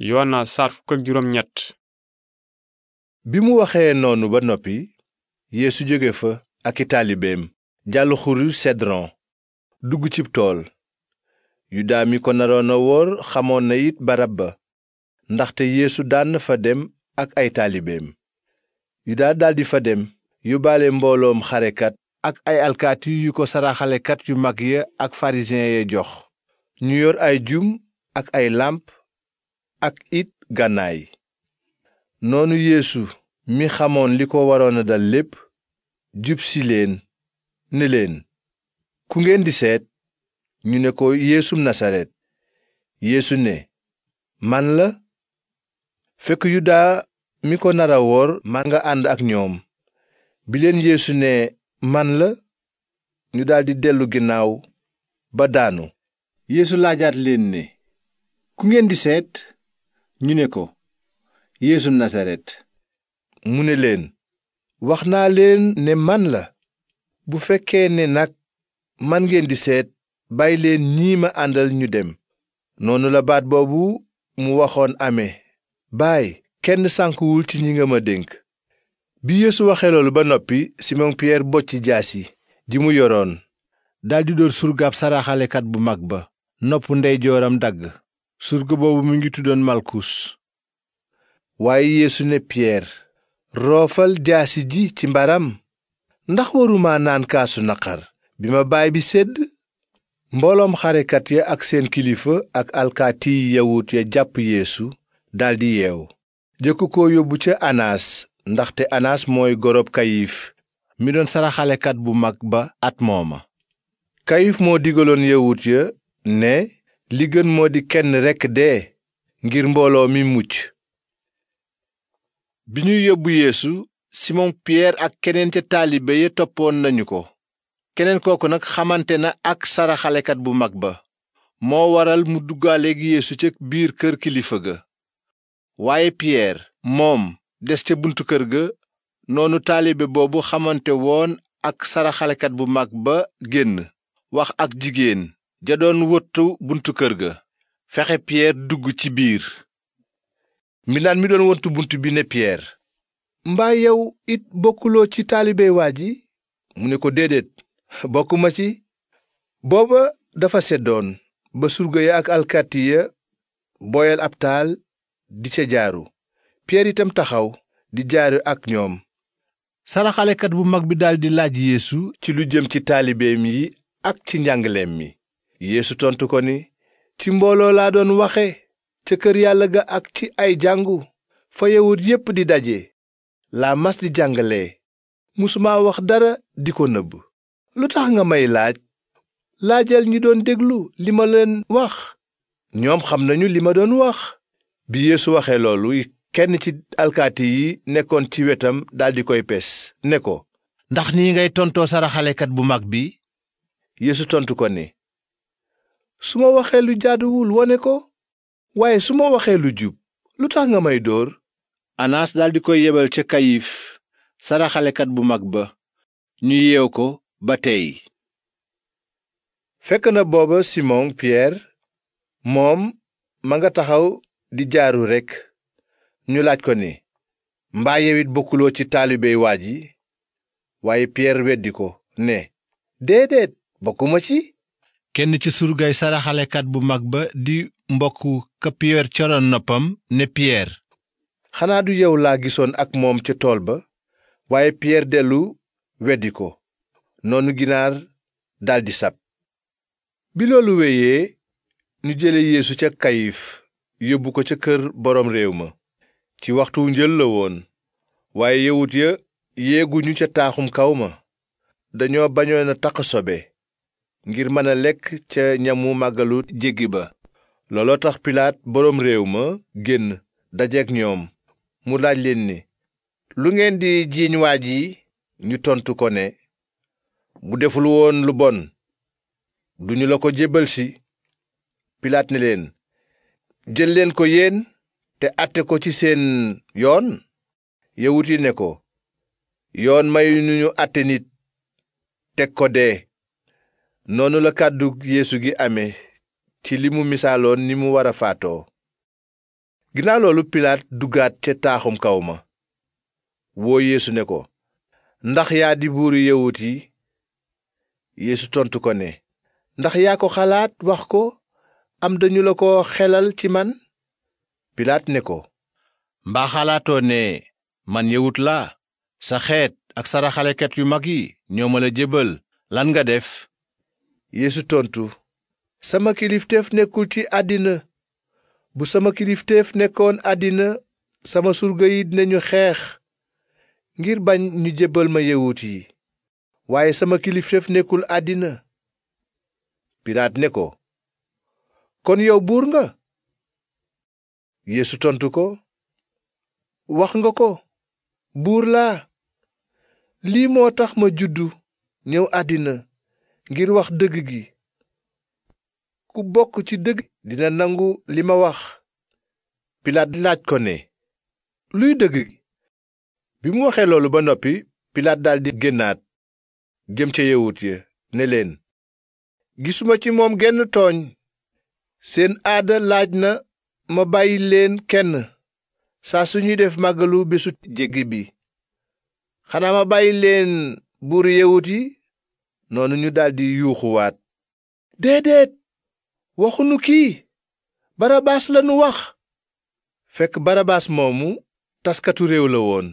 Yowaana saar fukk ak bi mu waxee noonu ba noppi yéesu jóge fa ak i taalibeem jàll xuru sedron dugg cib tool yudaa mi ko naroon wóor xamoon na it barab ba ndaxte yéesu daan fa dem ak ay taalibeem yudaa daldi fa dem yu bale mbooloom xarekat ak ay alkaati yu ko saraxalekat yu mag ya ak farisiyen ya jox ñu yor ay jum ak ay làmp ak it gànnaay noonu yéesu mi xamoon li ko waroon a dal lépp jub si leen ne leen ku ngeen di seet ñu ne ko yeesum nasaret yéesu ne man la fekk yudaa mi ko nara woor ma nga ànd ak ñoom bi leen yeesu ne man la ñu daldi dellu ginnaaw ba daanu yéesu laajaat leen ne ku ngeen di seet ñu ne ko yéesu nasaret mu ne leen wax naa leen ne man la bu fekkee ne nag man ngeen di seet bàyyi leen ñii ma àndal ñu dem noonu la baat boobu mu waxoon ame baay kenn sànkuwul ci ñi nga ma dénk bi yeesu waxee loolu ba noppi simon piyeer bocci yi ji mu yoroon daldi dóor surgaab saraxalekat bu mag ba nopp ndeyjooram dagg surga boobu mu ngi tuddoon malkus waaye yeesu ne piyeer roofal jaasi ji ci mbaram ndax waruma naan kaasu naqar bi ma baay bi sedd mbooloom xarekat ya ak seen kilifa ak alkaati yawut ya jàpp yeesu daldi yeew jëkk ko yóbbu ca anaas ndaxte anaas mooy gorob kayif mi doon saraxalekat bu mag ba at mooma kayif moo digaloon yawut ya ne li gën moo di kenn rekk dee ngir mbooloo mi mucc bi ñuy yóbbu yéesu simon piyeer ak keneen ca taalibe ya toppoon nañu ko keneen kooku nag xamante na ak saraxalekat bu mag ba moo waral mu duggaaleeg yeesu ca biir kër kilifa ga waaye piyeer moom des ca buntu kër ga noonu taalibe boobu xamante woon ak saraxalekat bu mag ba génn wax ak jigéen ja doon wottu buntu kër ga fexe piyeer dugg ci biir mbindaan mi doon wottu bunt bi ne piyeer mbaa yow it bokkuloo ci taalibe waa ji mu ne ko déedéet bokkuma ci booba dafa seddoon ba surga ya ak alkati ya booyal ab taal di ca jaaru piyeer itam taxaw di jaaru ak ñoom saraxalekat bu mag bi daldi laaj yeesu ci lu jëm ci taalibeem yi ak ci njàngaleem mi yéesu tontu ko ni ci mbooloo laa doon waxe ca kër yàlla ga ak ci ay jàngu fa yawut yépp di daje laa mas di jàngale musuma wax dara di ko nëbb lu tax nga may laaj laajal ñi doon déglu li ma leen wax ñoom xam nañu li ma doon wax bi yéesu waxe loolu kenn ci alkaati yi nekkoon ci wetam daldi koy pes ne ko ndax nii ngay tontoo saraxalekat bu mag bi yeesu tontu ko ne su ma waxee lu jaaduwul wone ko waaye su ma waxee lu jub lu tax nga may dóor anaas daldi koy yebal ca kayif saraxalekat bu mag ba ñu yeew ko ba tey fekk na booba simon piyeer moom ma nga taxaw di jaaru rekk ñu laaj ko ni mbaa yewit bokkuloo ci taalibey waa ji waaye piyeer weddi ko ne déedéet bokkuma ci kenn ci surgaay saraxalekat bu mag ba di mbokk ka piyeer coroon noppam ne piyeer xanaa du yow laa gisoon ak moom ca tool ba waaye piyeer dellu weddi ko noonu ginaar daldi sab bi loolu wéyee ñu jële yéesu ca kayif yóbbu ko ca kër boroom réew ma ci waxtu njël la woon waaye yawut ya yéeguñu ca taaxum kaw ma dañoo bañoon a taq sobe ngir mën a lekk ca ñamu màggalu jéggi ba looloo tax pilaat boroom réew ma génn dajeek ñoom mu laaj leen ni lu ngeen di jiiñ waaj yi ñu tontu ko ne bu deful woon lu bon duñu la ko jébbal si pilaat ne leen jël leen ko yéen te atte ko ci seen yoon yawut yi ne ko yoon mayuñu ñu àtte nit teg ko dee noonu la kàddu yéesu gi amee ci li mu misaaloon ni mu war a faatoo ginnaaw loolu pilaat duggaat ca taaxum kaw ma woo yeesu ne ko ndax yaa di buuru yawut yi yéesu tontu ko ne ndax yaa ko xalaat wax ko am dañu la ko xelal ci man pilaat ne ko mbaa xalaatoo ne man yawut la sa xeet ak saraxalekat yu mag yi ñoo ma la jébbal lan nga def yeesu tontu sama kilifteef nekkul ci àddina bu sama kilifteef nekkoon àddina sama surga yi dinañu xeex ngir bañ ñu jébbal ma yewut yi waaye sama kilifteef nekkul àddina pilaat ne ko kon yow buur nga yeesu tontu ko wax nga ko buur laa lii moo tax ma juddu ñëw àddina ngir wax dëgg gi ku bokk ci dëgg dina nangu li ma wax pilaat laaj ko ne luy dëgg gi bi mu waxee loolu ba noppi pilaat daldi génnaat jëm ca yawut ya ne leen gisuma ci moom genn tooñ seen aada laaj na ma bàyyi leen kenn saa suñuy def màggalu bésu jéggi bi xanaa ma bàyyi leen buuru yawut yi noonu ñu daldi yuuxuwaat déedéet waxunu kii barabaas lanu wax fekk barabaas moomu taskatu réew la woon